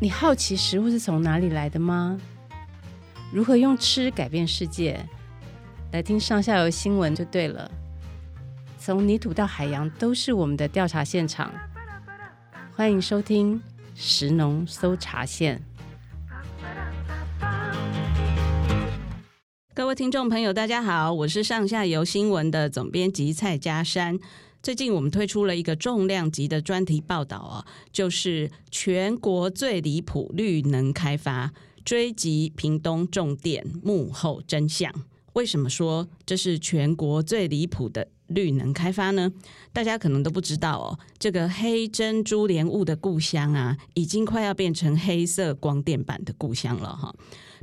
你好奇食物是從哪裡來的嗎？如何用吃改變世界？來聽上下游新聞就對了。從泥土到海洋，都是我們的調查現場。歡迎收聽食農搜查線。各位聽眾朋友，大家好，我是上下游新聞的總編輯蔡佳珊。最近我們推出了一個重量級的專題報道哦，就是全國最離譜綠能開發追擊屏東種電幕後真相。為什麼說這是全國最離譜的綠能開發呢？大家可能都不知道哦，這個黑珍珠蓮霧的故鄉啊，已經快要變成黑色光電板的故鄉了哈。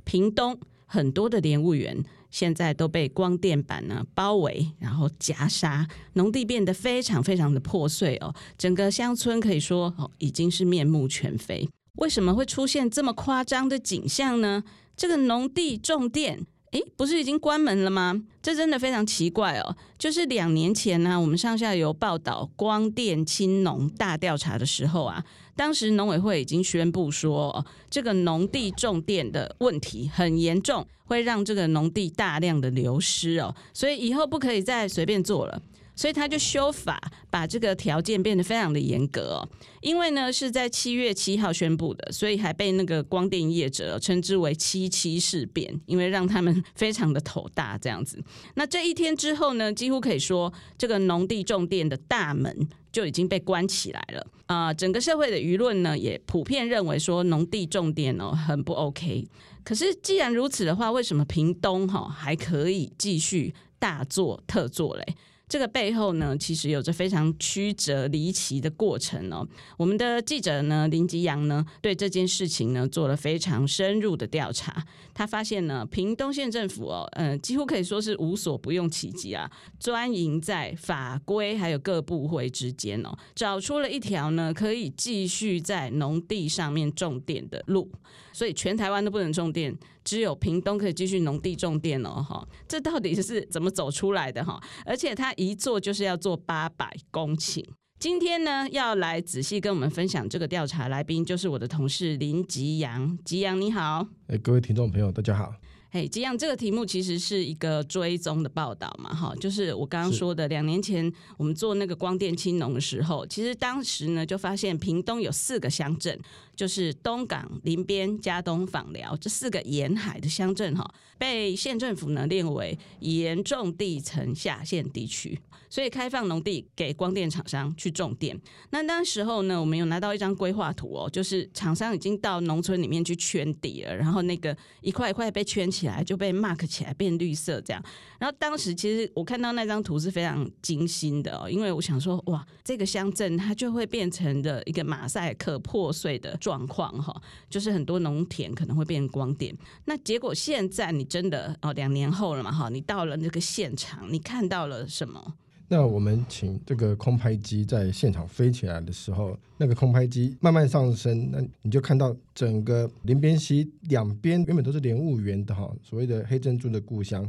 屏東很多的蓮霧園。現在都被光電板呢包圍，然後夾殺，農地變得非常非常的破碎哦，整個鄉村可以說，哦，已經是面目全非。為什麼會出現這麼誇張的景象呢？這個農地種電。咦，不是已經關門了嗎？這真的非常奇怪哦。就是兩年前呢、啊，我們上下游報道光電侵農大調查的時候啊，當時農委會已經宣布說、哦，這個農地種電的問題很嚴重，會讓這個農地大量的流失哦，所以以後不可以再隨便做了。所以他就修法，把這個條件變得非常的嚴格、哦。因為呢是在七月七號宣布的，所以還被那個光電業者稱之為“七七事變”，因為讓他們非常的頭大這樣子。那這一天之後呢，幾乎可以說這個農地種電的大門就已經被關起來了啊、呃！整個社會的輿論呢，也普遍認為說農地種電哦很不 OK。可是既然如此的話，為什麼屏東哈、哦、還可以繼續大做特做嘞？這個背後呢，其實有着非常曲折離奇的過程哦。我們的記者呢，林吉洋呢，對這件事情呢做了非常深入的調查。他發現呢，屏東縣政府哦，嗯、呃，幾乎可以說是無所不用其極啊，專營在法規還有各部會之間哦，找出了一條呢，可以繼續在農地上面種電的路。所以全台灣都不能種電，只有屏東可以繼續農地種電哦，哈，這到底是怎麼走出來的哈？而且他一做就是要做八百公頃。今天呢，要來仔細跟我們分享這個調查來賓，就是我的同事林吉洋。吉洋你好。欸，各位聽眾朋友大家好。欸、吉洋這個題目其實是一個追蹤的報道嘛，哈，就是我剛剛說的，兩年前我們做那個光電侵農的時候，其實當時呢就發現屏東有四個鄉鎮。就是東港、林邊、佳冬、枋寮，這四個沿海的鄉鎮，哈，被縣政府呢列為嚴重地層下陷地區，所以開放農地給光電廠商去種電。那當時候呢，我們有拿到一張規劃圖哦、喔，就是廠商已經到農村裡面去圈地了，然後那個一塊一塊被圈起來，就被 mark 起來變綠色這樣。然後當時其實我看到那張圖是非常驚心的哦、喔，因為我想說，哇，這個鄉鎮它就會變成的一個馬賽克破碎的狀況哈，就是很多農田可能會變光電。那結果現在你真的哦，兩年後了嘛哈，你到了那個現場，你看到了什麼？那我們請這個空拍機在現場飛起來的時候，那個空拍機慢慢上升，那你就看到整個林邊溪兩邊原本都是蓮霧園的哈，所謂的黑珍珠的故鄉，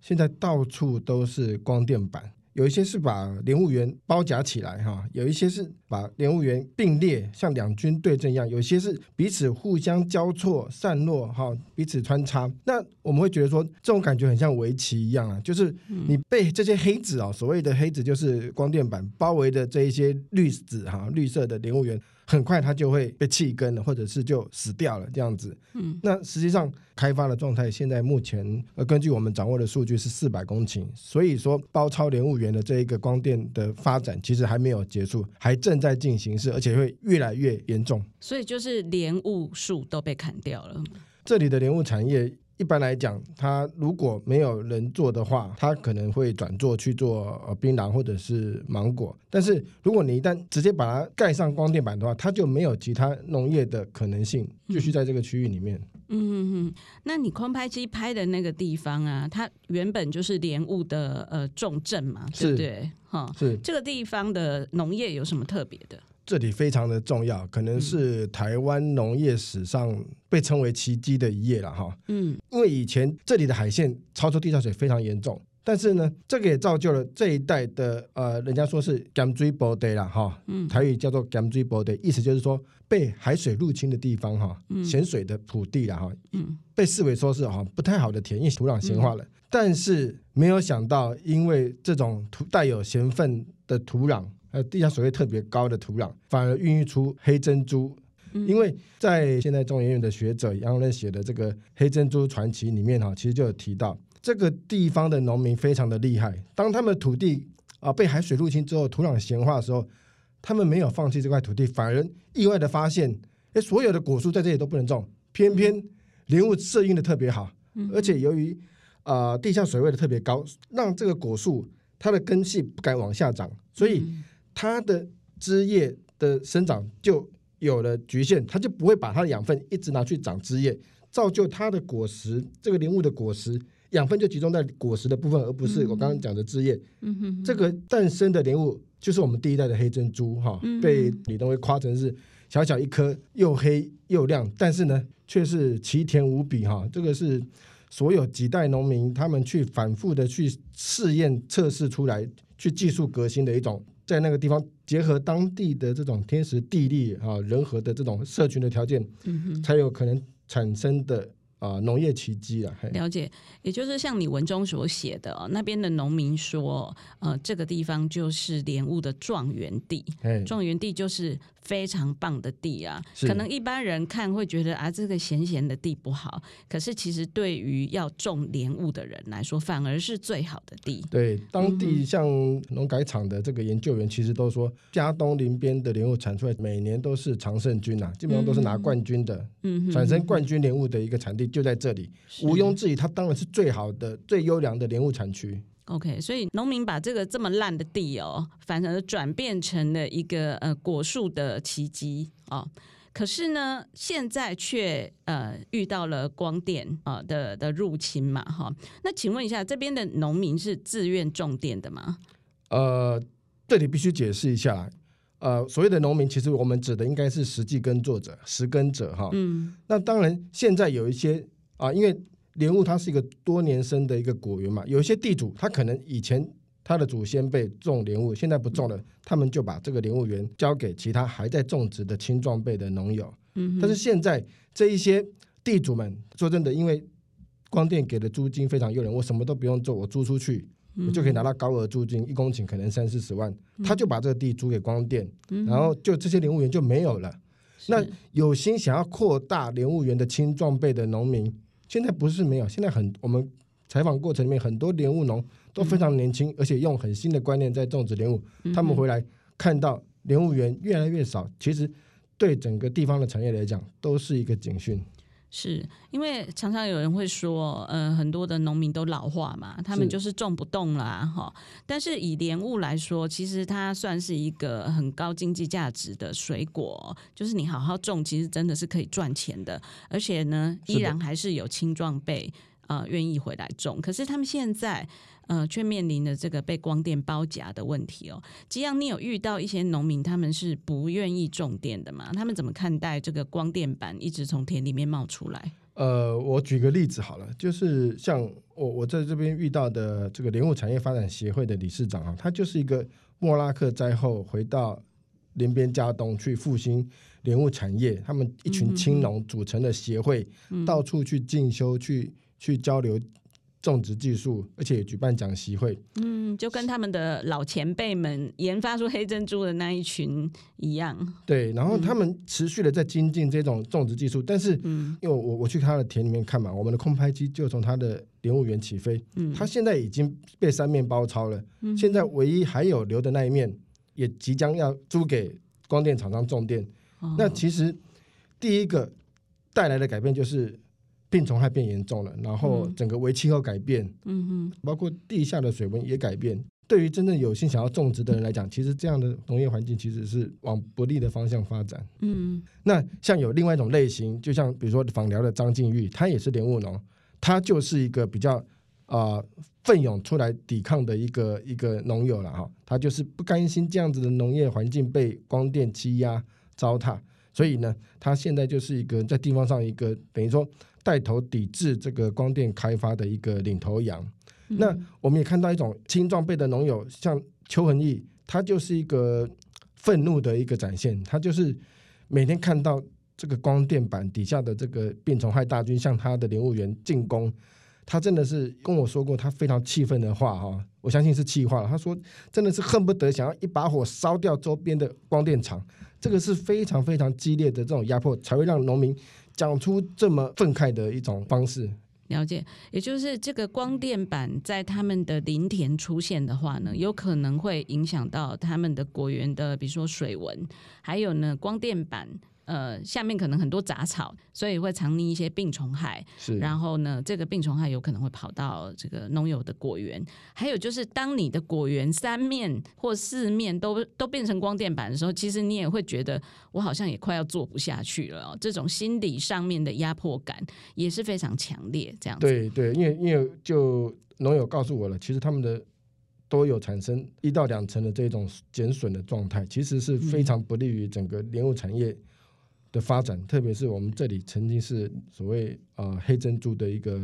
現在到處都是光電板。有一些是把蓮霧園包夾起來哈，有一些是把蓮霧園並列，像兩軍對陣一樣，有些是彼此互相交錯、散落哈，彼此穿插。那我們會覺得說，這種感覺很像圍棋一樣啊，就是你被這些黑子啊、喔，所謂的黑子就是光電板包圍的這一些綠子哈，綠色的蓮霧園。很快它就會被棄耕了，或者是就死掉了這樣子。嗯，那實際上開發的狀態現在目前呃，根據我們掌握的數據是四百公頃，所以說包抄蓮霧園的這一個光電的發展其實還沒有結束，還正在進行式，而且會越來越嚴重。所以就是蓮霧樹都被砍掉了，這裡的蓮霧產業。一般來講，他如果沒有人做的話，他可能會轉做去做呃檳榔或者是芒果。但是如果你一旦直接把它蓋上光電板的話，它就沒有其他農業的可能性繼續在這個區域裡面。嗯嗯嗯，那你空拍機拍的那個地方啊，它原本就是蓮霧的呃重鎮嘛，對不對？哈，是，這個地方的農業有什麼特別的？這裡非常的重要，可能是台灣農業史上被稱為奇蹟的一頁了哈。嗯，因為以前這裡的海線超抽地下水非常嚴重，但是呢，這個也造就了這一帶的呃，人家說是 gamdrybode 啦哈、哦嗯，台語叫做 gamdrybode，意思就是說被海水入侵的地方哈、嗯，鹹水的土地了哈、哦嗯，被視為說是哈不太好的田，因為土壤鹹化了、嗯，但是沒有想到，因為這種土帶有鹹分的土壤。呃，地下水位特別高的土壤，反而孕育出黑珍珠。嗯、因為在現在中研院的學者楊任寫的這個《黑珍珠傳奇》裡面哈，其實就有提到這個地方的農民非常的厲害。當他們土地啊、呃、被海水入侵之後，土壤鹹化的時候，他們沒有放棄這塊土地，反而意外的發現、呃，所有的果樹在這裡都不能種，偏偏蓮霧適應的特別好、嗯。而且由於啊、呃、地下水位的特別高，讓這個果樹它的根系不敢往下長，所以，嗯它的枝葉的生長就有了局限，它就不會把它的養分一直拿去長枝葉，造就它的果實。這個蓮霧的果實養分就集中在果實的部分，而不是我剛剛講的枝葉。嗯哼，這個誕生的蓮霧就是我們第一代的黑珍珠，哈、哦嗯，被李登輝誇成是小小一顆又黑又亮，但是呢卻是奇甜無比，哈、哦，這個是所有幾代農民他們去反覆的去試驗測試出來，去技術革新的一種。在那個地方，結合當地的這種天時地利啊，人和的這種社群的條件，嗯，才有可能產生的。啊，農業奇蹟了、啊。了解，也就是像你文中所寫的、哦，那邊的農民說，呃，這個地方就是蓮霧的狀元地嘿，狀元地就是非常棒的地啊。是可能一般人看會覺得啊，這個鹹鹹的地不好，可是其實對於要種蓮霧的人來說，反而是最好的地。對，當地像農改場的這個研究員，其實都說、嗯，佳冬林邊的蓮霧產出來，每年都是常勝軍吶、啊，基本上都是拿冠軍的，嗯、產生冠軍蓮霧的一個產地。就在這裡，毋庸置疑，它當然是最好的、最優良的蓮霧產區。OK，所以農民把這個這麼爛的地哦，反而轉變成了一個呃果樹的奇蹟哦，可是呢，現在卻呃遇到了光電啊、呃、的的入侵嘛，哈、哦。那請問一下，這邊的農民是自願種電的嗎？呃，這裡必須解釋一下。呃，所謂的農民，其實我們指的應該是實際耕作者、實耕者哈。嗯。那當然，現在有一些啊，因為蓮霧它是一個多年生的一個果園嘛，有一些地主他可能以前他的祖先輩種蓮霧，現在不種了，嗯、他們就把這個蓮霧園交給其他還在種植的青壯輩的農友。嗯。但是現在這一些地主們說真的，因為光電給的租金非常誘人，我什麼都不用做，我租出去。就可以拿到高額租金，一公頃可能三四十萬，他就把這個地租給光電，然後就這些蓮霧園就沒有了。那有心想要擴大蓮霧園的青壯輩的農民，現在不是沒有，現在很我們採訪過程裡面，很多蓮霧農都非常年輕，而且用很新的觀念在種植蓮霧。他們回來看到蓮霧園越來越少，其實對整個地方的產業來講，都是一個警訊。是因為常常有人會說，嗯、呃，很多的農民都老化嘛，他們就是種不動啦、啊，哈。但是以蓮霧來說，其實它算是一個很高經濟價值的水果，就是你好好種，其實真的是可以賺錢的，而且呢，依然還是有青壯輩。呃，願意回來種，可是他們現在呃，卻面臨了這個被光電包夾的問題喔。吉洋，你有遇到一些農民，他們是不願意種電的嗎？他們怎麼看待這個光電板一直從田裡面冒出來？呃，我舉個例子好了，就是像我我在這邊遇到的這個蓮霧產業發展協會的理事長啊，他就是一個莫拉克災後回到林邊佳冬去復興蓮霧產業，他們一群青農組成的協會，嗯嗯到處去進修去。去交流種植技術，而且也舉辦講習會，嗯，就跟他們的老前輩們研發出黑珍珠的那一群一樣，對。然後他們持續的在精進這種種植技術，嗯、但是，因為我我去他的田裡面看嘛，我們的空拍機就從他的蓮霧園起飛，嗯，他現在已經被三面包抄了，嗯，現在唯一還有留的那一面也即將要租給光電廠商種電，哦、那其實第一個帶來的改變就是，病蟲害變嚴重了，然後整個微氣候改變，嗯嗯，包括地下的水溫也改變，嗯。對於真正有心想要種植的人來講，其實這樣的農業環境其實是往不利的方向發展。嗯，那像有另外一種類型，就像比如說枋寮的張靜玉，她也是蓮霧農，她就是一個比較啊、呃、奮勇出來抵抗的一個一個農友了哈。她、哦、就是不甘心這樣子的農業環境被光電欺壓糟蹋，所以呢，她現在就是一個在地方上一個等於說。帶頭抵制這個光電開發的一個領頭羊，嗯、那我們也看到一種青壯輩的農友，像邱恆毅，他就是一個憤怒的一個展現。他就是每天看到這個光電板底下的這個病蟲害大軍向他的蓮霧園進攻，他真的是跟我說過他非常氣憤的話哈，我相信是氣話，他說真的是恨不得想要一把火燒掉周邊的光電廠，這個是非常非常激烈的這種壓迫，才會讓農民，講出這麼憤慨的一種方式。了解，也就是這個光電板在他們的鄰田出現的話呢，有可能會影響到他們的果園的，比如說水文，還有呢，光電板。呃，下面可能很多雜草，所以會藏匿一些病蟲害。是。然後呢，這個病蟲害有可能會跑到這個農友的果園。還有就是，當你的果園三面或四面都都變成光電板的時候，其實你也會覺得我好像也快要做不下去了哦。這種心理上面的壓迫感也是非常強烈。這樣子。對對，因為因為就農友告訴我了，其實他們的都有產生一到兩成的這種減損的狀態，其實是非常不利於整個蓮霧產業的發展，特別是我們這裡曾經是所謂啊、呃、黑珍珠的一個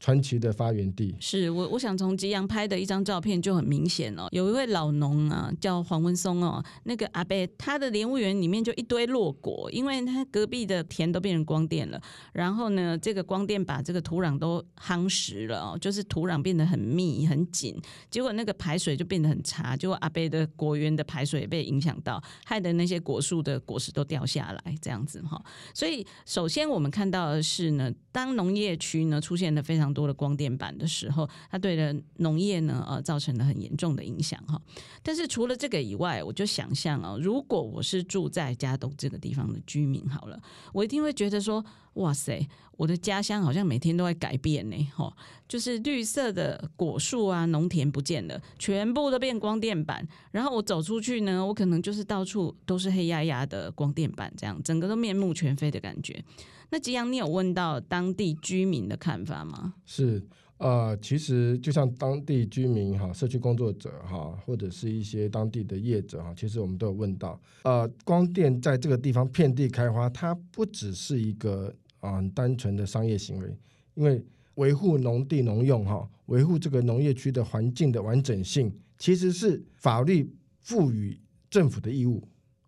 傳奇的發源地是我，我想從吉洋拍的一張照片就很明顯了、哦。有一位老農啊，叫黃文松哦，那個阿伯他的蓮霧園裡面就一堆落果，因為他隔壁的田都變成光電了。然後呢，這個光電把這個土壤都夯實了哦，就是土壤變得很密很緊，結果那個排水就變得很差，結果阿伯的果園的排水也被影響到，害得那些果樹的果實都掉下來這樣子哈、哦。所以首先我們看到的是呢，當農業區呢出現了非常。非常多的光電板的時候，它對的農業呢，呃，造成了很嚴重的影響哈。但是除了這個以外，我就想象啊、哦，如果我是住在佳冬這個地方的居民，好了，我一定會覺得說，哇塞，我的家鄉好像每天都會改變呢哈、哦。就是綠色的果樹啊，農田不見了，全部都變光電板。然後我走出去呢，我可能就是到處都是黑壓壓的光電板，這樣整個都面目全非的感覺。那吉洋，你有問到當地居民的看法嗎？是，呃，其實就像當地居民哈、社區工作者哈，或者是一些當地的業者哈，其實我們都有問到。呃，光電在這個地方遍地開花，它不只是一個啊單純的商業行為，因為維護農地農用哈，維護這個農業區的環境的完整性，其實是法律賦予政府的義務。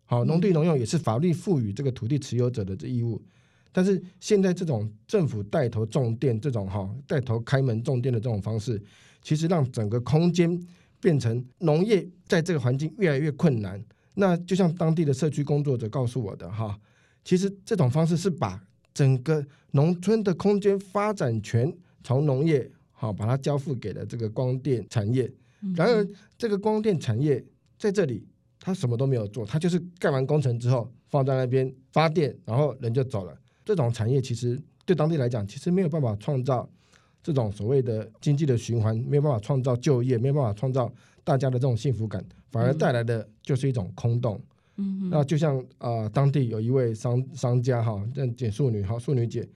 好，農地農用也是法律賦予這個土地持有者的這義務。但是現在這種政府帶頭種電這種哈帶頭開門種電的這種方式，其實讓整個空間變成農業在這個環境越來越困難。那就像當地的社區工作者告訴我的哈，其實這種方式是把整個農村的空間發展權從農業哈，把它交付給了這個光電產業。然而這個光電產業在這裡他什麼都沒有做，他就是蓋完工程之後放在那邊發電，然後人就走了。這種產業其實對當地來講，其實沒有辦法創造這種所謂的經濟的循環，沒有辦法創造就業，沒有辦法創造大家的這種幸福感，反而帶來的就是一種空洞。嗯哼，那就像啊、呃，當地有一位商商家哈，叫簡素女哈，素女姐，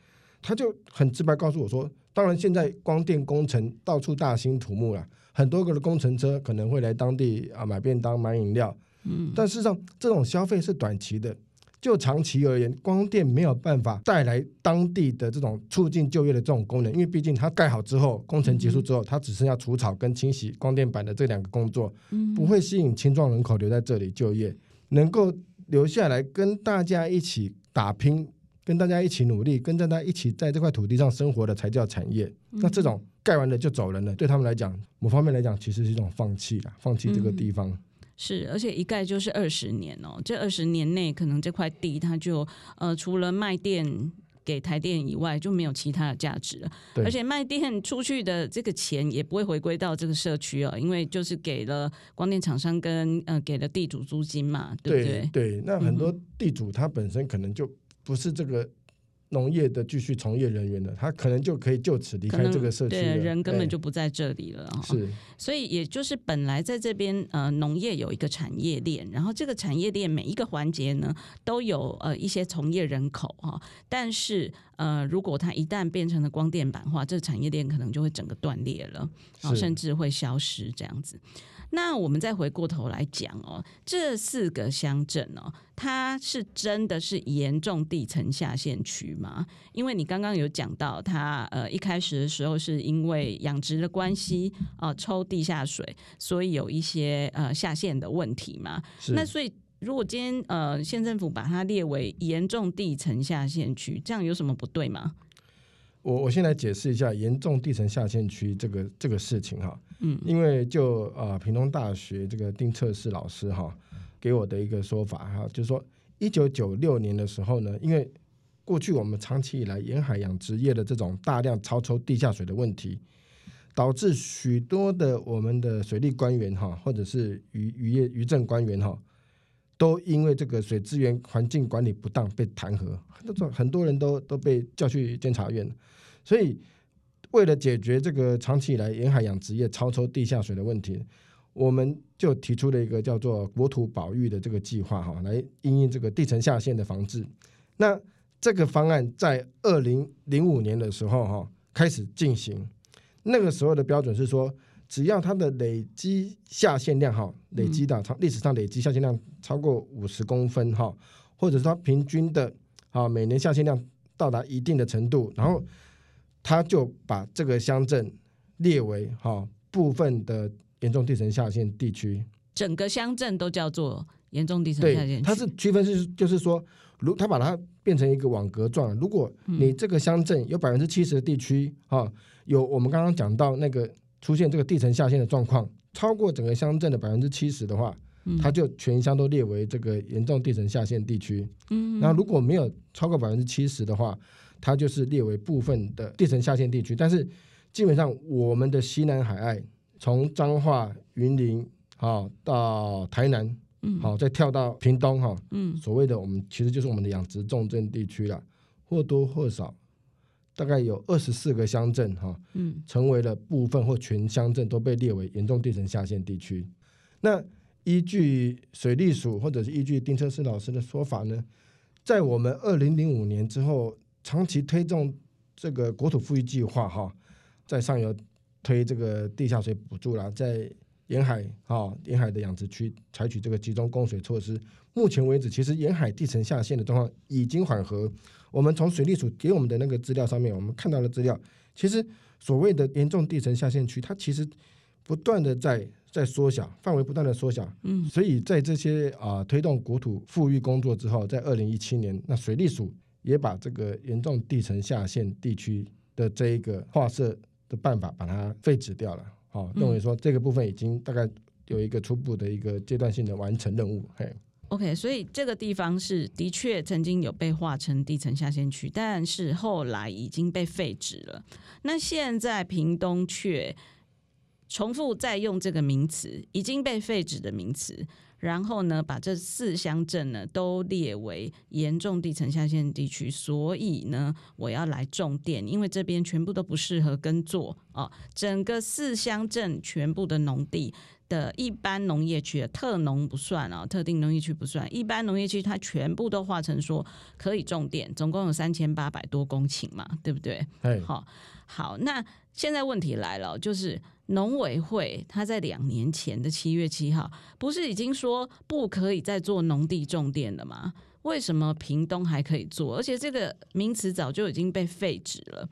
她就很直白告訴我說，當然現在光電工程到處大興土木了，很多個的工程車可能會來當地啊買便當、買飲料。嗯，但事實上這種消費是短期的。就長期而言，光電沒有辦法帶來當地的這種促進就業的這種功能，因為畢竟它蓋好之後，工程結束之後，嗯、它只剩下除草跟清洗光電板的這兩個工作、嗯，不會吸引青壯人口留在這裡就業。能夠留下來跟大家一起打拼，跟大家一起努力，跟大家一起在這塊土地上生活的才叫產業。嗯、那這種蓋完了就走人了，對他們來講，某方面來講，其實是一種放棄啊，放棄這個地方。嗯是，而且一蓋就是二十年哦、喔。這二十年內，可能這塊地它就呃，除了賣電給台電以外，就沒有其他的價值了。對。而且賣電出去的這個錢也不會回歸到這個社區哦、喔，因為就是給了光電廠商跟呃給了地主租金嘛，對不對？對，對，那很多地主他本身可能就不是這個。農業的繼續從業人員的，他可能就可以就此離開這個社區，對，人根本就不在這裡了、欸、是，所以也就是本來在這邊呃農業有一個產業鏈，然後這個產業鏈每一個環節呢都有呃一些從業人口哈，但是呃如果它一旦變成了光電板的話，這個、產業鏈可能就會整個斷裂了，然後甚至會消失這樣子。那我們再回過頭來講哦，這四個鄉鎮哦，它是真的是嚴重地層下陷區嗎？因為你剛剛有講到它，它呃一開始的時候是因為養殖的關係啊、呃、抽地下水，所以有一些呃下陷的問題嘛。那所以如果今天呃縣政府把它列為嚴重地層下陷區，這樣有什麼不對嗎？我我先來解釋一下嚴重地層下陷區這個這個事情哈。嗯，因為就呃，屏東大學這個丁澈士老師哈，給我的一個說法哈，就是說一九九六年的時候呢，因為過去我們長期以來沿海養殖業的這種大量超抽地下水的問題，導致許多的我們的水利官員哈，或者是漁漁業漁政官員哈，都因為這個水資源環境管理不當被彈劾，很多很多人都都被叫去監察院，所以。為了解決這個長期以來沿海養殖業超抽地下水的問題，我們就提出了一個叫做國土保育的這個計劃，哈，來因應這個地層下陷的防治。那這個方案在二零零五年的時候，哈，開始進行。那個時候的標準是說，只要它的累積下陷量，哈，累積的長歷史上累積下陷量超過五十公分，哈，或者說平均的，啊，每年下陷量到達一定的程度，然後。他就把這個鄉鎮列為哈、哦、部分的嚴重地層下陷地區，整個鄉鎮都叫做嚴重地層下陷區。對，它是區分是就是說，如他把它變成一個網格狀，如果你這個鄉鎮有百分之七十的地區哈、哦、有我們剛剛講到那個出現這個地層下陷的狀況超過整個鄉鎮的百分之七十的話，它就全鄉都列為這個嚴重地層下陷地區。嗯，那如果沒有超過百分之七十的話。它就是列為部分的地層下陷地區，但是基本上我們的西南海岸，從彰化、雲林，哈、哦，到台南，嗯、哦，好再跳到屏東，哈，嗯，所謂的我們其實就是我們的養殖重鎮地區了，或多或少，大概有二十四個鄉鎮，哈，嗯，成為了部分或全鄉鎮都被列為嚴重地層下陷地區。那依據水利署或者是依據丁澈士老師的說法呢，在我們二零零五年之後。長期推動這個國土富裕計劃，哈，在上游推這個地下水補助啦，在沿海啊沿海的養殖區採取這個集中供水措施。目前為止，其實沿海地層下陷的狀況已經緩和。我們從水利署給我們的那個資料上面，我們看到的資料，其實所謂的嚴重地層下陷區，它其實不斷的在在縮小範圍，不斷的縮小。嗯，所以在這些啊、呃、推動國土富裕工作之後，在二零一七年那水利署。也把這個嚴重地層下陷地區的這一個劃設的辦法，把它廢止掉了，哦。好，認為說這個部分已經大概有一個初步的一個階段性的完成任務。嘿，OK，所以這個地方是的確曾經有被劃成地層下陷區，但是後來已經被廢止了。那現在屏東卻重複再用這個名詞，已經被廢止的名詞。然後呢，把這四鄉鎮呢都列為嚴重地層下陷地區，所以呢，我要來種電，因為這邊全部都不適合耕作，哦，整個四鄉鎮全部的農地的一般農業區、特農不算啊，哦，特定農業區不算，一般農業區它全部都劃成說可以種電，總共有三千八百多公頃嘛，對不對？好，哦，好，那現在問題來了，就是。農委會他在兩年前的七月七號，不是已經說不可以再做農地種電了嗎？為什麼屏東還可以做？而且這個名詞早就已經被廢止了。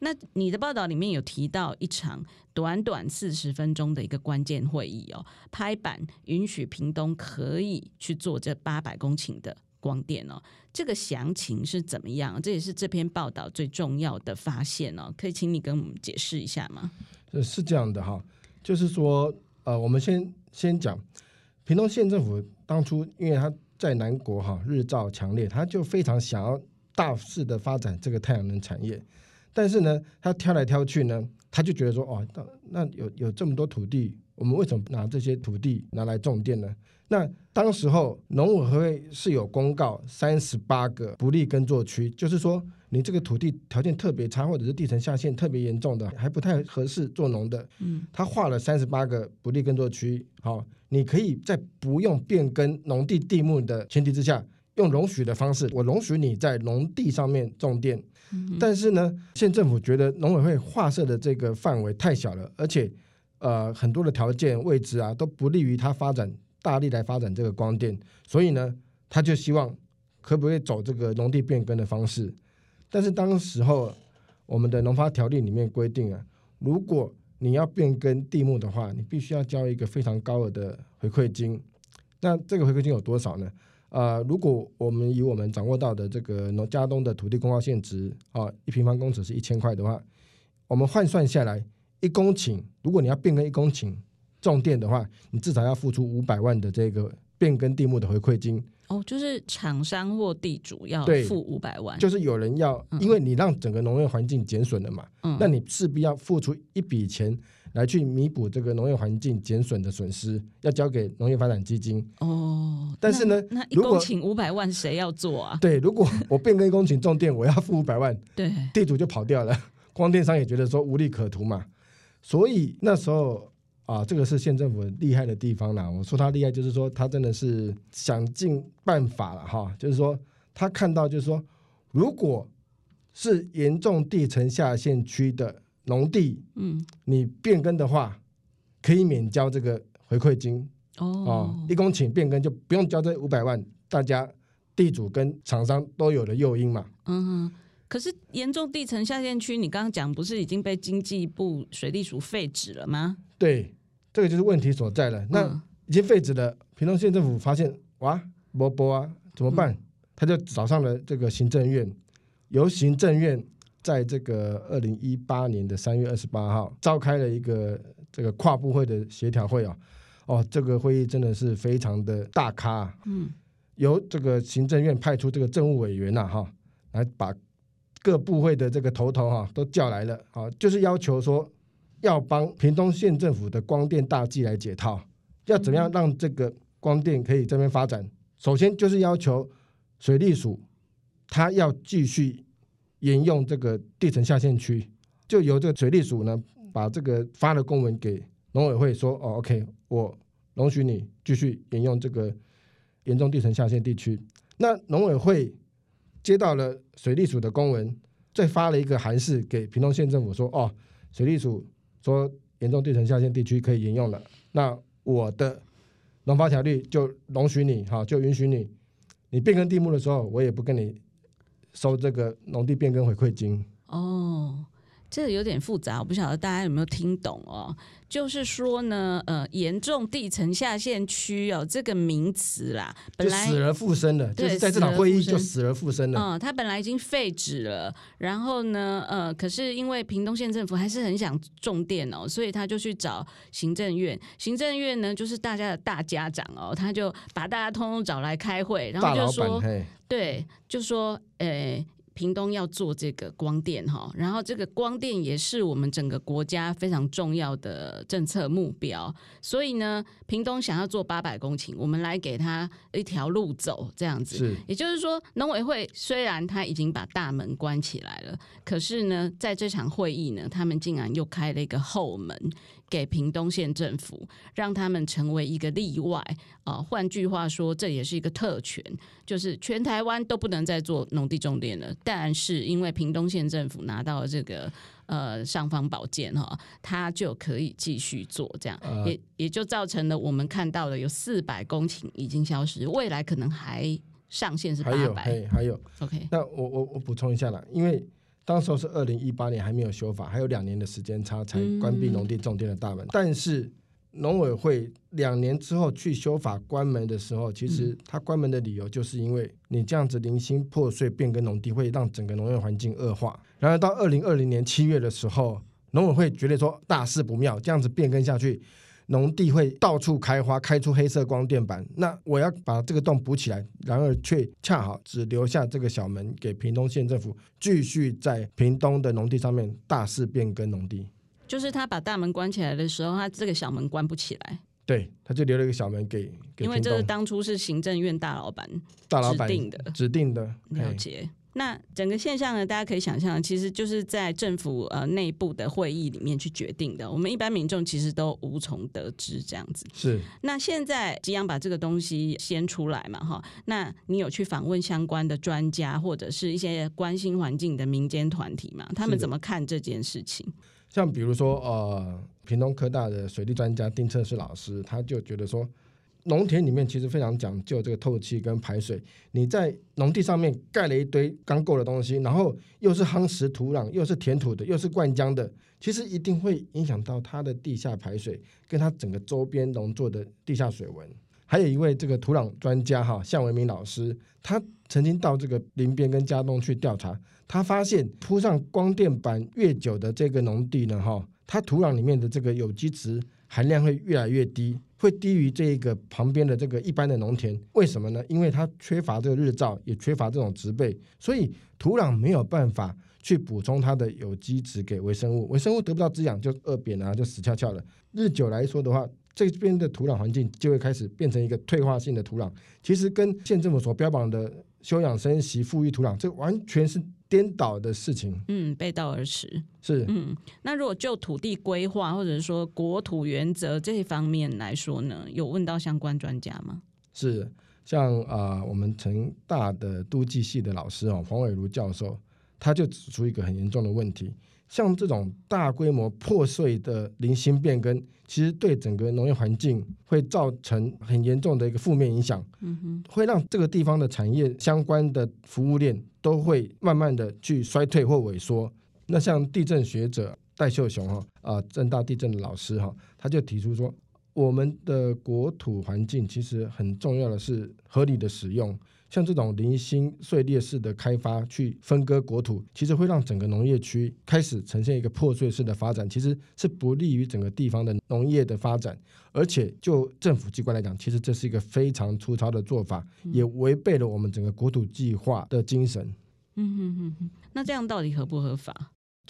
那你的報道裡面有提到一場短短四十分鐘的一個關鍵會議哦，拍板允許屏東可以去做這八百公頃的。光電哦，這個詳情是怎麼樣？這也是這篇報道最重要的發現哦，可以請你跟我們解釋一下嗎？呃，是這樣的哈，就是說，呃，我們先先講，屏東縣政府當初，因為他在南國哈，日照強烈，他就非常想要大肆的發展這個太陽能產業，但是呢，他挑來挑去呢，他就覺得說，哦，那有有這麼多土地。我們為什麼不拿這些土地拿來種電呢？那當時候農委會是有公告三十八個不利耕作區，就是說你這個土地條件特別差，或者是地層下陷特別嚴重的，還不太合適做農的。嗯、他畫了三十八個不利耕作區，好，你可以在不用變更農地地目的前提之下，用容許的方式，我容許你在農地上面種電。嗯、但是呢，縣政府覺得農委會畫設的這個範圍太小了，而且。呃，很多的條件、位置啊都不利於他發展，大力來發展這個光電，所以呢，他就希望可不可以走這個農地變更的方式。但是當時候，我們的農發條例裡面規定啊，如果你要變更地目的話，你必須要交一個非常高額的回饋金。那這個回饋金有多少呢？啊、呃，如果我們以我們掌握到的這個農佳冬的土地公告現值啊、哦，一平方公尺是一千塊的話，我們換算下來。一公頃，如果你要變更一公頃種電的話，你至少要付出五百萬的這個變更地目的回饋金。哦，就是廠商或地主要付五百萬，就是有人要，因為你讓整個農業環境減損了嘛，嗯、那你勢必要付出一筆錢來去彌補這個農業環境減損的損失，要交給農業發展基金。哦，但是呢，那，那一公頃五百萬誰要做啊？對，如果我變更一公頃種電，我要付五百萬， 對，地主就跑掉了。光電商也覺得說無利可圖嘛。所以那時候啊，這個是縣政府厲害的地方啦。我說他厲害，就是說他真的是想盡辦法了哈。就是說他看到，就是說如果是嚴重地層下陷區的農地，嗯，你變更的話，可以免交這個回饋金哦，哦。一公頃變更就不用交這五百萬，大家地主跟廠商都有了誘因嘛。嗯哼。可是嚴重地層下陷區，你剛剛講不是已經被經濟部水利署廢止了嗎？對，這個就是問題所在了。那已經廢止了，屏東縣政府發現哇，沒不啊，怎麼辦？嗯、他就找上了這個行政院，由行政院在這個二零一八年的三月二十八號召開了一個這個跨部會的協調會啊、哦。哦，這個會議真的是非常的大咖，嗯，由這個行政院派出這個政務委員吶，哈，來把。各部會的這個頭頭哈都叫來了，好，就是要求說要幫屏東縣政府的光電大計來解套，要怎樣讓這個光電可以這邊發展？首先就是要求水利署，他要繼續沿用這個地層下陷區，就由這個水利署呢把這個發的公文給農委會說，哦，OK，我容許你繼續沿用這個嚴重地層下陷地區，那農委會。接到了水利署的公文，再發了一個函示給屏東縣政府說：哦，水利署說嚴重地層下陷地區可以沿用了。那我的農發條例就容許你，哈，就允許你，你變更地目的時候，我也不跟你收這個農地變更回饋金。哦。這個有點複雜，我不曉得大家有沒有聽懂哦。就是說呢，呃，嚴重地層下陷區哦，這個名詞啦，本來死而復生了，就是在這場會議就死而復生了。嗯，就是呃、它本來已經廢止了，然後呢，呃，可是因為屏東縣政府還是很想種電哦，所以他就去找行政院，行政院呢就是大家的大家長哦，他就把大家通通找來開會，然後就說，對，就說，哎、欸屏東要做這個光電哈，然後這個光電也是我們整個國家非常重要的政策目標，所以呢，屏東想要做八百公頃，我們來給他一條路走這樣子。是，也就是說，農委會雖然他已經把大門關起來了，可是呢，在這場會議呢，他們竟然又開了一個後門。給屏東縣政府，讓他們成為一個例外啊，呃。換句話說，這也是一個特權，就是全台灣都不能再做農地種電了。但是因為屏東縣政府拿到了這個呃尚方寶劍哈，它就可以繼續做這樣，呃、也也就造成了我們看到的有四百公頃已經消失，未來可能還上限是八百。還有，還有，OK。那我我我補充一下啦，因為。當時候是二零一八年，還沒有修法，還有兩年的時間差才關閉農地種電的大門。嗯。但是農委會兩年之後去修法關門的時候，其實他關門的理由就是因為你這樣子零星破碎變更農地，會讓整個農業環境惡化。然而到二零二零年七月的時候，農委會覺得說大事不妙，這樣子變更下去。農地會到處開花，開出黑色光電板。那我要把這個洞補起來，然而卻恰好只留下這個小門，給屏東縣政府繼續在屏東的農地上面大肆變更農地。就是他把大門關起來的時候，他這個小門關不起來。對，他就留了一個小門給，給屏東。因為這是當初是行政院大老板指大老板定的，指定的。了解。那整個現象呢，大家可以想象，其實就是在政府呃內部的會議裡面去決定的。我們一般民眾其實都無從得知這樣子。是。那現在吉洋把這個東西掀出來嘛，吼，那你有去訪問相關的專家或者是一些關心環境的民間團體嘛？他們怎麼看這件事情？像比如說呃，屏東科大的水利專家丁澈士老師，他就覺得說。農田裡面其實非常講究這個透氣跟排水。你在農地上面蓋了一堆鋼構的東西，然後又是夯實土壤，又是填土的，又是灌漿的，其實一定會影響到它的地下排水，跟它整個周邊農作的地下水文。還有一位這個土壤專家哈，向文明老師，他曾經到這個林邊跟佳冬去調查，他發現鋪上光電板越久的這個農地呢，哈，它土壤裡面的這個有機質含量會越來越低。會低於這一個旁邊的這個一般的農田，為什麼呢？因為它缺乏這個日照，也缺乏這種植被，所以土壤沒有辦法去補充它的有機質給微生物，微生物得不到滋養就餓扁了啊，就死翹翹了。日久來說的話，這邊的土壤環境就會開始變成一個退化性的土壤。其實跟縣政府所標榜的休養生息、富裕土壤，這完全是。顛倒的事情，嗯，背道而馳。是，嗯，那如果就土地規劃或者是說國土原則這一方面來說呢，有問到相關專家嗎？是，像啊、呃，我們成大的都計系的老師哦，黃偉茹教授，他就指出一個很嚴重的問題，像這種大規模破碎的零星變更，其實對整個農業環境會造成很嚴重的一個負面影響，嗯哼，會讓這個地方的產業相關的服務鏈。都會慢慢的去衰退、或萎縮。那像地政學者戴秀雄啊、哦、政、呃、大地政的老師哈、哦，他就提出說。我們的國土環境其實很重要的是合理的使用，像這種零星碎裂式的開發去分割國土，其實會讓整個農業區開始呈現一個破碎式的發展，其實是不利於整個地方的農業的發展。而且就政府機關來講，其實這是一個非常粗糙的做法，也違背了我們整個國土計劃的精神。嗯哼哼哼，那這樣到底合不合法？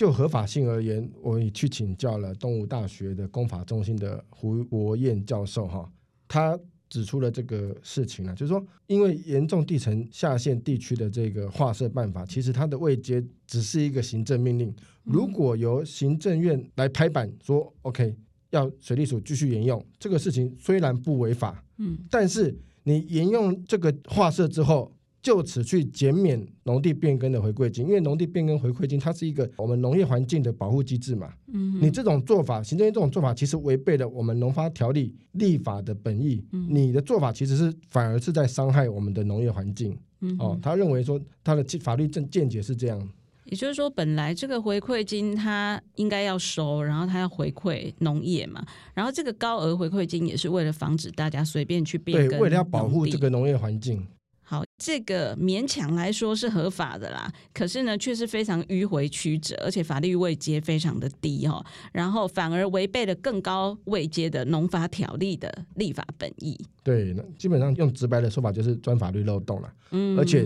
就合法性而言，我也去請教了東吳大學的公法中心的胡博硯教授哈，他指出了這個事情啊，就是說，因為嚴重地層下陷地區的這個劃設辦法，其實它的位階只是一個行政命令，如果由行政院來拍板說 OK，要水利署繼續沿用，這個事情雖然不違法，嗯，但是你沿用這個劃設之後。就此去減免農地變更的回饋金，因為農地變更回饋金，它是一個我們農業環境的保護機制嘛。嗯、你這種做法，行政院這種做法，其實違背了我們農發條例立法的本意，嗯。你的做法其實是反而是在傷害我們的農業環境。嗯、哦，他認為說他的法律正見解是這樣。也就是說，本來這個回饋金他應該要收，然後他要回饋農業嘛，然後這個高額回饋金也是為了防止大家隨便去變更，對，為了要保護這個農業環境。好，這個勉強來說是合法的啦，可是呢，卻是非常迂回曲折，而且法律位階非常的低哦、喔，然後反而違背了更高位階的農法條例的立法本意。對，那基本上用直白的說法就是鑽法律漏洞了、嗯。而且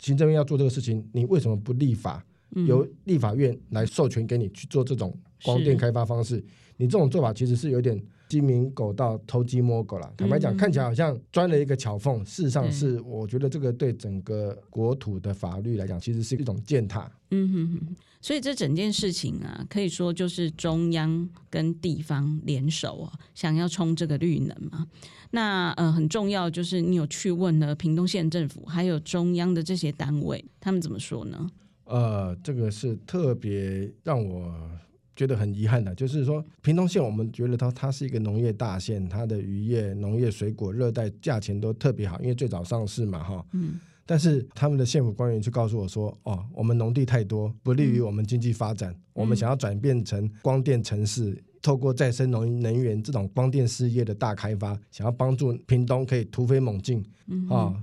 行政院要做這個事情，你為什麼不立法，嗯、由立法院來授權給你去做這種光電開發方式？你這種做法其實是有點。雞鳴狗盜、偷雞摸狗了。坦白講、嗯，看起來好像鑽了一個巧縫，事實上是、嗯，我覺得這個對整個國土的法律來講，其實是一種踐踏。嗯哼、哼，所以這整件事情啊，可以說就是中央跟地方聯手啊，想要衝這個綠能嘛。那呃，很重要就是你有去問了屏東縣政府，還有中央的這些單位，他們怎麼說呢？呃，這個是特別讓我。覺得很遺憾的，就是說，屏東縣我們覺得它它是一個農業大縣，它的漁業、農業、水果、熱帶價錢都特別好，因為最早上市嘛，哈。嗯。但是他們的縣府官員就告訴我說：“哦，我們農地太多，不利於我們經濟發展。嗯。我們想要轉變成光電城市，嗯。透過再生能源這種光電事業的大開發，想要幫助屏東可以突飛猛進。”嗯。啊。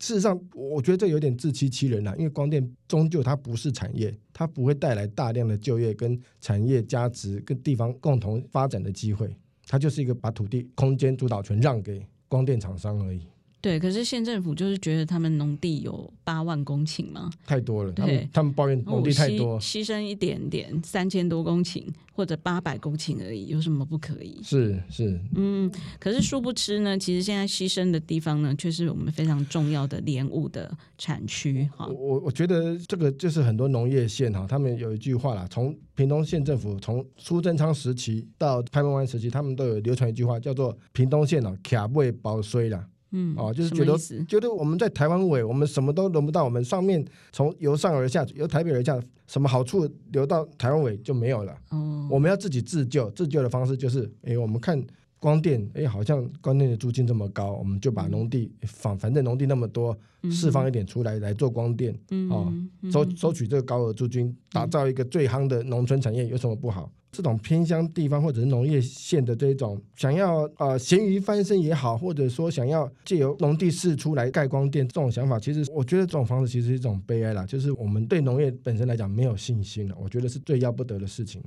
事實上，我覺得這有點自欺欺人了啊，因為光電終究它不是產業，它不會帶來大量的就業跟產業加值跟地方共同發展的機會，它就是一個把土地空間主導權讓給光電廠商而已。對，可是縣政府就是覺得他們農地有八萬公頃嘛，太多了。他們，他們抱怨農地太多，犧、哦、牲一點點三千多公頃或者八百公頃而已，有什麼不可以？是是，嗯，可是殊不知呢，其實現在犧牲的地方呢，卻是我們非常重要的蓮霧的產區哈。我我覺得這個就是很多農業縣哈，他們有一句話啦，從屏東縣政府從蘇貞昌時期到潘孟安時期，他們都有流傳一句話叫做“屏東縣呢，卡不保包衰啦”。嗯，哦，就是覺得覺得我們在台灣尾，我們什麼都輪不到，我們上面從由上而下，由台北而下，什麼好處流到台灣尾就沒有了。哦，我們要自己自救，自救的方式就是，誒、欸，我們看光電，誒、欸，好像光電的租金這麼高，我們就把農地，反反正農地那麼多，釋放一點出來來做光電，嗯。哦，收收取這個高額租金，打造一個最夯的農村產業、嗯，有什麼不好？這種偏鄉地方或者是農業縣的這種想要呃鹹魚翻身也好，或者說想要借由農地釋出來蓋光電，這種想法，其實我覺得這種方式其實是一種悲哀啦，就是我們對農業本身來講沒有信心了，我覺得是最要不得的事情。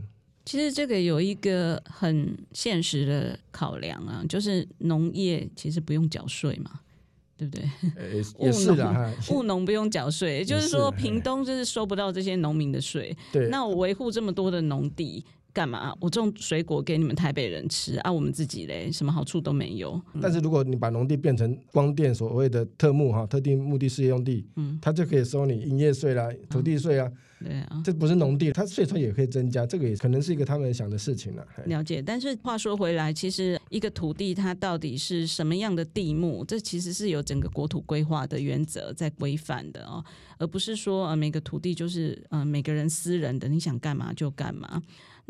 其實這個有一個很現實的考量啊，就是農業其實不用繳稅嘛，對不對？欸、也是的、啊， 務農不用繳稅，是就是說屏東就是收不到這些農民的稅，對，那我維護這麼多的農地。幹嘛？我種水果給你們台北人吃啊？我們自己嘞，什麼好處都沒有。嗯、但是如果你把農地變成光電所謂的特目哈，特定目的事業用地，嗯，它就可以收你營業稅啦、土地稅啊。嗯、對啊，這不是農地，它稅收也可以增加。這個也可能是一個他們想的事情了。了解。但是話說回來，其實一個土地它到底是什麼樣的地目，這其實是有整個國土規劃的原則在規範的哦，而不是說啊、呃，每個土地就是呃每個人私人的，你想幹嘛就幹嘛。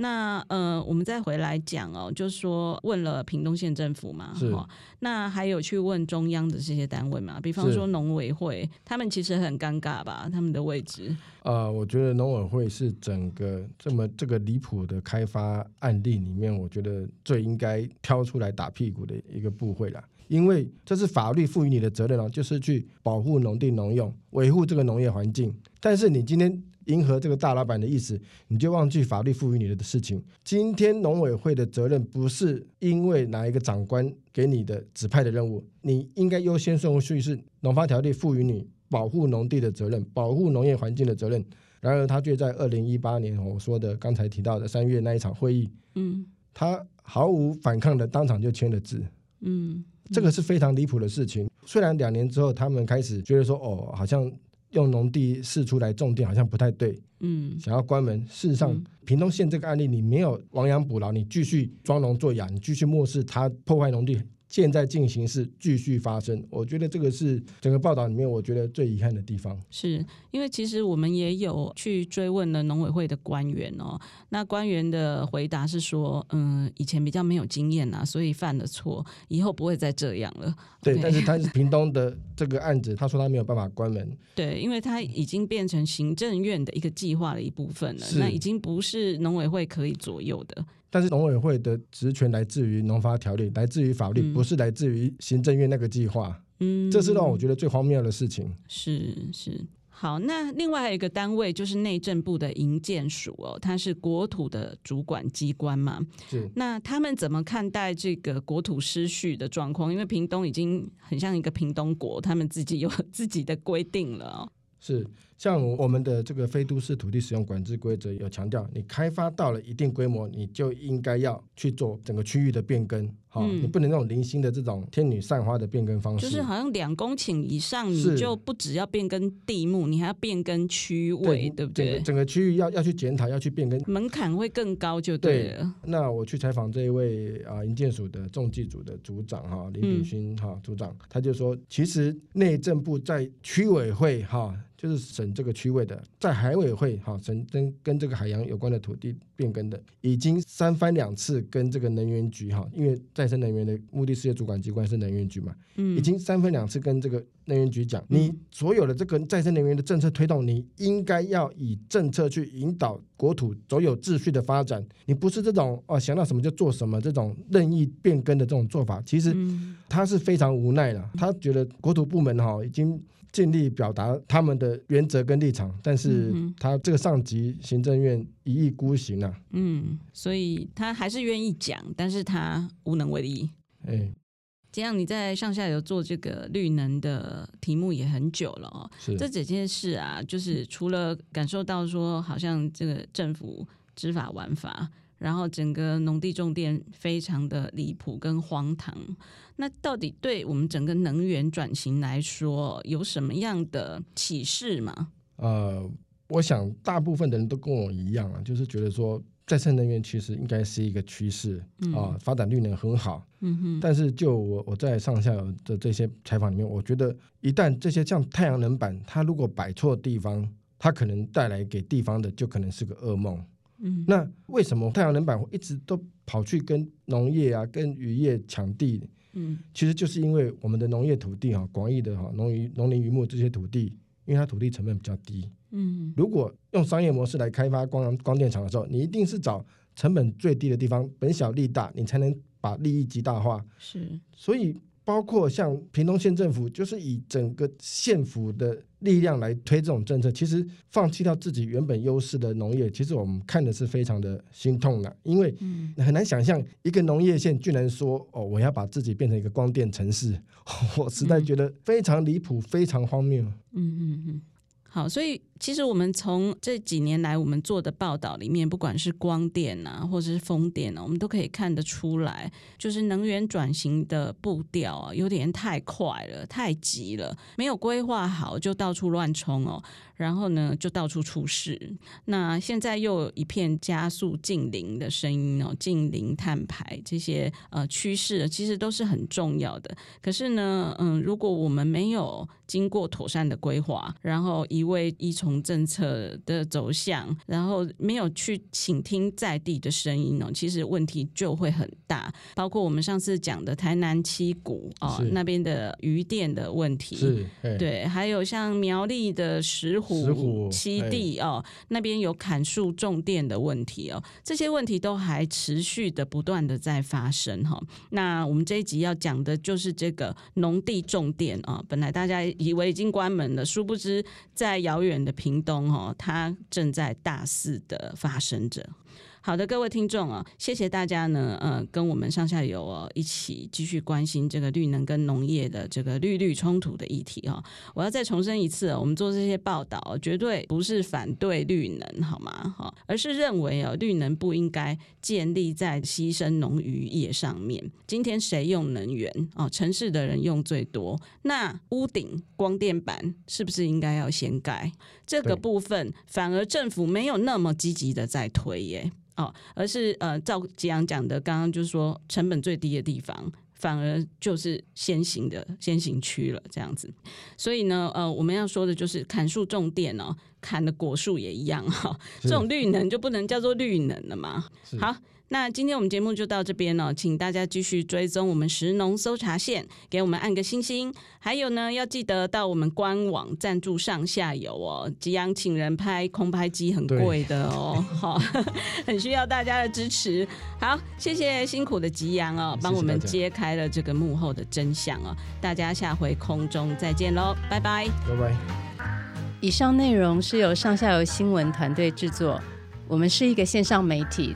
那呃，我們再回來講哦，就是說，問了屏東縣政府嘛，是嗎哦？那還有去問中央的這些單位嘛？比方說農委會，他們其實很尷尬吧？他們的位置。呃，我覺得農委會是整個這麼這個離譜的開發案例裡面，我覺得最應該挑出來打屁股的一個部會啦，因為這是法律賦予你的責任哦，就是去保護農地農用，維護這個農業環境。但是你今天。迎合這個大老板的意思，你就忘記法律賦予你的事情。今天農委會的責任不是因為哪一個長官給你的指派的任務，你應該優先順序是農發條例賦予你保護農地的責任，保護農業環境的責任。然而他就，他卻在二零一八年我說的剛才提到的三月那一場會議，嗯，他毫無反抗的當場就簽了字，嗯，嗯，這個是非常離譜的事情。雖然兩年之後，他們開始覺得說，哦，好像。用農地釋出來種電好像不太對，嗯，想要關門。事實上，嗯、屏東縣這個案例，你沒有亡羊補牢，你繼續裝聾作啞，你繼續漠視它破壞農地。現在進行式繼續發生，我覺得這個是整個報道裡面我覺得最遺憾的地方。是因為其實我們也有去追問了農委會的官員哦，那官員的回答是說，嗯，以前比較沒有經驗啊，所以犯了錯，以後不會再這樣了。對，okay，但是他是屏東的這個案子，他說他沒有辦法關門。對，因為他已經變成行政院的一個計劃的一部分了，那已經不是農委會可以左右的。但是農委會的職權來自於農發條例，來自於法律，不是來自於行政院那個計劃。嗯，這是讓我覺得最荒謬的事情。嗯，是是，好，那另外還有一個單位就是內政部的營建署哦，它是國土的主管機關嘛。是。那他們怎麼看待這個國土失序的狀況？因為屏東已經很像一個屏東國，他們自己有自己的規定了，哦。是。像我們的這個非都市土地使用管制規則有強調，你開發到了一定規模，你就應該要去做整個區域的變更。嗯、你不能用零星的這種天女散花的變更方式。就是好像兩公頃以上，你就不只要變更地目，你還要變更區位，對，對不對整？整個區域要要去檢討，要去變更，門檻會更高，就對了對。那我去採訪這一位啊，營、呃、建署的綜計組的組長哈、哦、林炳勳哈組長，他就說，其實內政部在區委會哈。哦就是省這個區位的，在海委會哈、哦，省跟跟這個海洋有關的土地變更的，已經三番兩次跟這個能源局哈、哦，因為再生能源的目的事業主管機關是能源局嘛，嗯、已經三番兩次跟這個能源局講、嗯，你所有的這個再生能源的政策推動，你應該要以政策去引導國土走有秩序的發展，你不是這種哦想到什麼就做什麼這種任意變更的這種做法，其實他是非常無奈的，他覺得國土部門哈、哦、已經。盡力表達他們的原則跟立場，但是他這個上級行政院一意孤行啊，嗯，所以他還是願意講，但是他無能為力。哎、欸，這樣你在上下游做這個綠能的題目也很久了啊、喔，是，這整件事啊，就是除了感受到說好像這個政府執法玩法。然後整個農地種電非常的離譜跟荒唐，那到底對我們整個能源轉型來說有什麼樣的啟示嗎？呃，我想大部分的人都跟我一樣啊，就是覺得說再生能源其實應該是一個趨勢啊、嗯呃，發展綠能很好、嗯。但是就我我在上下游的這些採訪裡面，我覺得一旦這些像太陽能板，它如果擺錯地方，它可能帶來給地方的就可能是個噩夢。嗯，那為什麼太陽能板一直都跑去跟農業啊、跟漁業搶地？嗯，其實就是因為我們的農業土地哈、喔，廣義的哈、喔、農林農林漁牧這些土地，因為它土地成本比較低。嗯，如果用商業模式來開發光光電廠的時候，你一定是找成本最低的地方，本小利大，你才能把利益極大化。是，所以。包括像屏東縣政府，就是以整個縣府的力量來推這種政策，其實放棄掉自己原本優勢的農業，其實我們看的是非常的心痛的，因為很難想象一個農業縣居然說哦，我要把自己變成一個光電城市，我實在覺得非常離譜，非常荒謬。嗯嗯嗯，好，所以。其實我們從這幾年來我們做的報道裡面，不管是光電啊，或者是風電呢、啊，我們都可以看得出來，就是能源轉型的步調啊，有點太快了，太急了，沒有規劃好就到處亂衝哦，然後呢就到處出事。那現在又有一片加速淨零的聲音哦，淨零碳排這些呃趨勢，其實都是很重要的。可是呢，嗯、呃，如果我們沒有經過妥善的規劃，然後一味依從。政策的走向，然後沒有去傾聽在地的聲音哦，其實問題就會很大。包括我們上次講的台南七股哦，那邊的漁電的問題，對，還有像苗栗的石虎，虎七地哦，那邊有砍樹種電的問題哦，這些問題都還持續的不斷的在發生哈、哦。那我們這一集要講的就是這個農地種電啊、哦，本來大家以為已經關門了，殊不知在遙遠的。屏東哦，它正在大肆的發生着。好的，各位聽眾啊、哦，謝謝大家呢，呃，跟我們上下游哦一起繼續關心這個綠能跟農業的這個綠綠衝突的議題哈、哦。我要再重申一次、哦，我們做這些報道絕對不是反對綠能，好嗎？哈、哦，而是認為哦，綠能不應該建立在犧牲農漁業上面。今天誰用能源？哦，城市的人用最多，那屋頂光電板是不是應該要先蓋？這個部分反而政府沒有那麼積極的在推耶。哦，而是呃，照吉洋講的，剛剛就是說成本最低的地方，反而就是先行的先行區了，這樣子。所以呢，呃，我們要說的就是砍樹種電哦，砍的果樹也一樣哈，這種綠能就不能叫做綠能了嘛？好。那今天我們節目就到這邊了哦，請大家繼續追蹤我們食農搜查線，給我們按個星星。還有呢，要記得到我們官網贊助上下游哦。吉洋請人拍空拍機很貴的哦，好， 很需要大家的支持。好，謝謝辛苦的吉洋哦，幫我們揭開了這個幕後的真相哦。謝謝大家。大家下回空中再見嘍，拜拜，拜拜。以上內容是由上下游新聞團隊製作，我們是一個線上媒體。